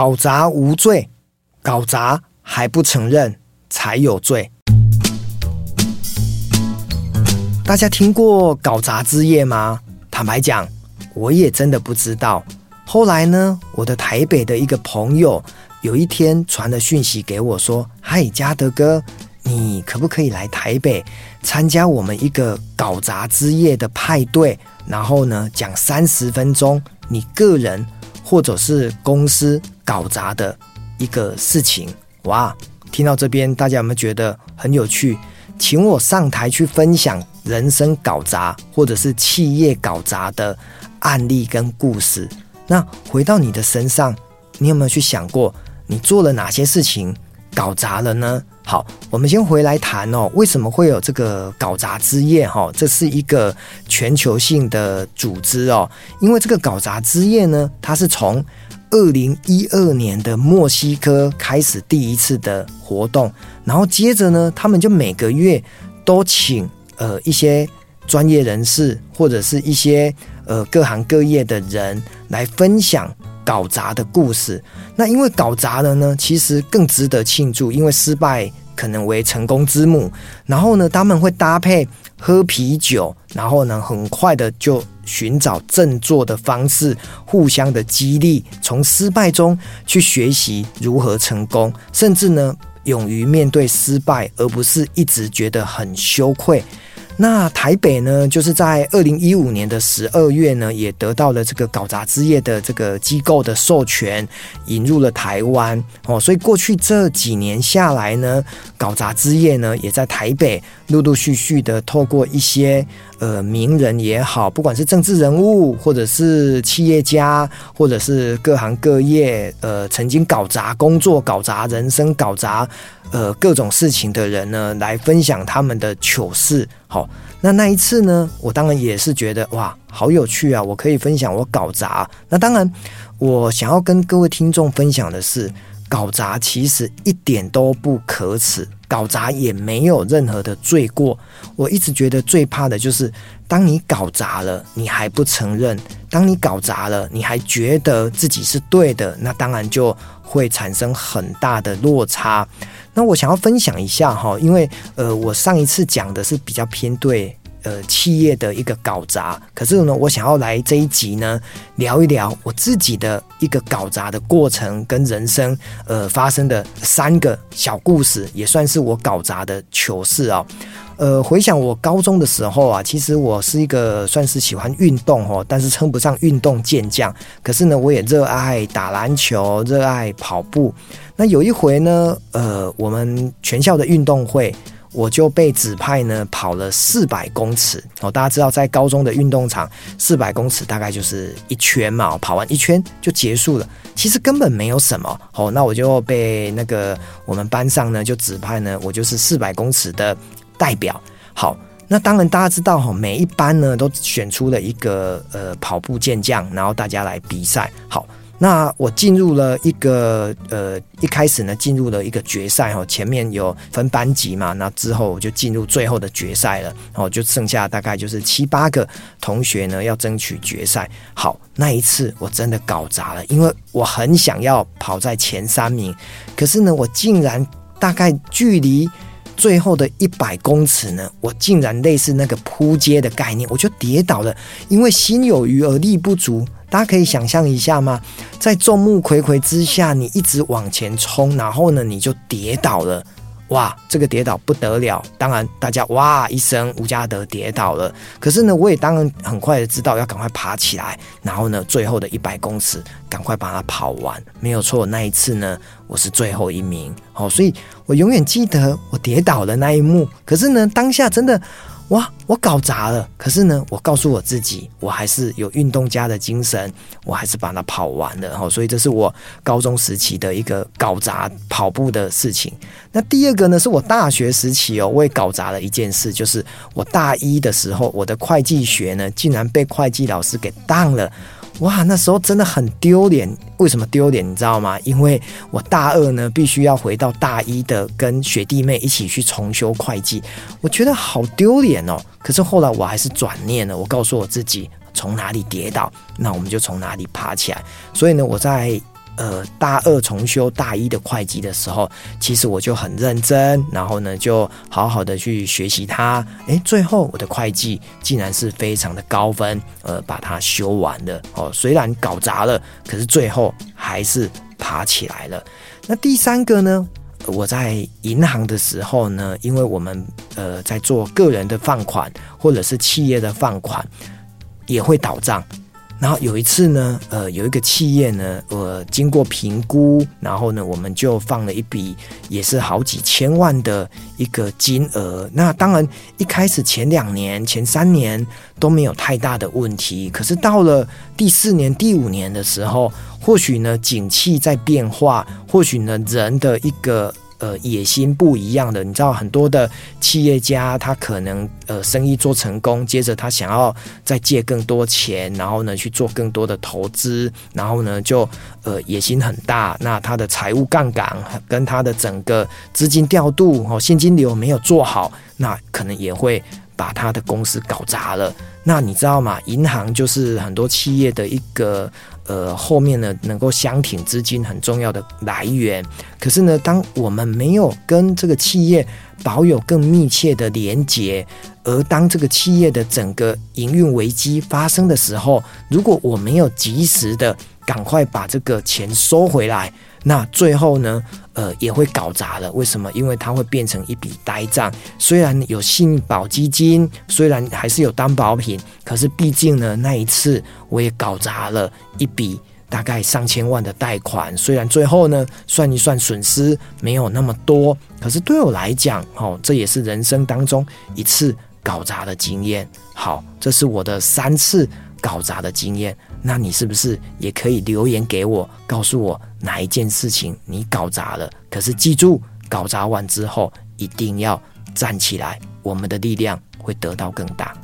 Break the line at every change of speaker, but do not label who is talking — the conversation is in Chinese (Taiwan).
搞砸無罪，搞砸還不承認才有罪。大家聽過“搞砸之夜”嗎？坦白講，我也真的不知道。後來呢，我的台北的一個朋友有一天傳了訊息給我，說：“嗨，嘉德哥，你可不可以來台北參加我們一個‘搞砸之夜’的派對？”然後呢，講三十分鐘你個人或者是公司，搞砸的一個事情。哇，聽到這邊，大家有沒有覺得很有趣？請我上台去分享人生搞砸，或者是企業搞砸的案例跟故事。那回到你的身上，你有沒有去想過，你做了哪些事情搞砸了呢？好，我們先回來談哦，為什麼會有這個搞砸之夜？哈，這是一個全球性的組織哦，因為這個搞砸之夜呢，它是從二零一二年的墨西哥開始第一次的活動，然後接着呢，他們就每個月都請呃一些專業人士或者是一些呃各行各業的人來分享搞砸的故事。那因為搞砸了呢，其實更值得慶祝，因為失敗。可能為成功之母，然後呢，他們會搭配喝啤酒，然後呢，很快的就尋找振作的方式，互相的激勵，從失敗中去學習如何成功，甚至呢，勇於面對失敗，而不是一直覺得很羞愧。那台北呢，就是在二零一五年的十二月呢，也得到了這個搞砸之夜的這個機構的授權，引入了台灣哦。所以過去這幾年下來呢，搞砸之夜呢，也在台北陸陸續續的透過一些呃名人也好，不管是政治人物，或者是企業家，或者是各行各業呃曾經搞砸工作搞砸，搞砸人生搞砸，搞砸呃各種事情的人呢，來分享他們的糗事。好，那那一次呢，我當然也是覺得哇，好有趣啊！我可以分享我搞砸。那當然，我想要跟各位聽眾分享的是，搞砸其實一點都不可恥。搞砸也沒有任何的罪過。我一直覺得最怕的就是，當你搞砸了，你還不承認；當你搞砸了，你還覺得自己是對的，那當然就會產生很大的落差。那我想要分享一下哈，因為呃，我上一次講的是比較偏對。呃，企業的一個搞砸，可是呢，我想要來這一集呢，聊一聊我自己的一個搞砸的過程跟人生，呃，發生的三個小故事，也算是我搞砸的糗事啊。呃，回想我高中的時候啊，其實我是一個算是喜歡運動哦，但是稱不上運動健將。可是呢，我也熱愛打籃球，熱愛跑步。那有一回呢，呃，我們全校的運動會。我就被指派呢跑了四百公尺哦，大家知道在高中的運動場，四百公尺大概就是一圈嘛，跑完一圈就結束了，其實根本沒有什麼哦。那我就被那個我們班上呢就指派呢，我就是四百公尺的代表。好，那當然大家知道哈，每一班呢都選出了一個呃跑步健將，然後大家來比賽。好。那我進入了一個呃，一開始呢進入了一個決賽哦，前面有分班級嘛，那之後我就進入最後的決賽了哦，然後就剩下大概就是七八個同學呢要爭取決賽。好，那一次我真的搞砸了，因為我很想要跑在前三名，可是呢我竟然大概距離最後的一百公尺呢，我竟然類似那個撲街的概念，我就跌倒了，因為心有餘而力不足。大家可以想象一下嗎？在眾目睽睽之下，你一直往前衝，然後呢，你就跌倒了。哇，這個跌倒不得了！當然，大家哇一聲，吳家德跌倒了。可是呢，我也當然很快的知道要趕快爬起來，然後呢，最後的一百公尺，趕快把它跑完。沒有錯，那一次呢，我是最後一名。哦，所以我永遠記得我跌倒的那一幕。可是呢，當下真的，哇，我搞砸了！可是呢，我告訴我自己，我還是有運動家的精神，我還是把它跑完了。所以這是我高中時期的一個搞砸跑步的事情。那第二個呢，是我大學時期哦，我也搞砸了一件事，就是我大一的時候，我的會計學呢，竟然被會計老師給當了。哇，那時候真的很丟臉。為什麼丟臉？你知道嗎？因為我大二呢，必須要回到大一的跟學弟妹一起去重修會計，我覺得好丟臉哦。可是後來我還是轉念了，我告訴我自己，從哪裡跌倒，那我們就從哪裡爬起來。所以呢，我在，呃，大二重修大一的會計的時候，其實我就很認真，然後呢，就好好的去學習它。誒，最後我的會計竟然是非常的高分，呃，把它修完了。哦，雖然搞砸了，可是最後還是爬起來了。那第三個呢？我在銀行的時候呢，因為我們呃在做個人的放款或者是企業的放款，也會倒賬。然後有一次呢，呃，有一個企業呢，呃，經過評估，然後呢，我們就放了一筆，也是好幾千萬的一個金額。那當然，一開始前兩年、前三年都沒有太大的問題，可是到了第四年、第五年的時候，或許呢，景氣在變化，或許呢，人的一個。呃，野心不一樣的，你知道很多的企業家，他可能呃生意做成功，接着他想要再借更多錢，然後呢去做更多的投資，然後呢就呃野心很大，那他的財務槓桿跟他的整個資金調度哦現金流沒有做好，那可能也會把他的公司搞砸了。那你知道嗎？銀行就是很多企業的一個。呃，後面呢，能夠相挺資金很重要的來源。可是呢，當我們沒有跟這個企業保有更密切的連接，而當這個企業的整個營運危機發生的時候，如果我沒有及時的趕快把這個錢收回來，那最後呢，呃，也會搞砸了。為什麼？因為它會變成一筆呆賬。雖然有信保基金，雖然還是有擔保品，可是畢竟呢，那一次我也搞砸了一筆大概上千萬的貸款。雖然最後呢，算一算損失沒有那麼多，可是對我來講，哦，這也是人生當中一次搞砸的經驗。好，這是我的三次。搞砸的經驗，那你是不是也可以留言給我，告訴我哪一件事情你搞砸了？可是記住，搞砸完之後一定要站起來，我們的力量會得到更大。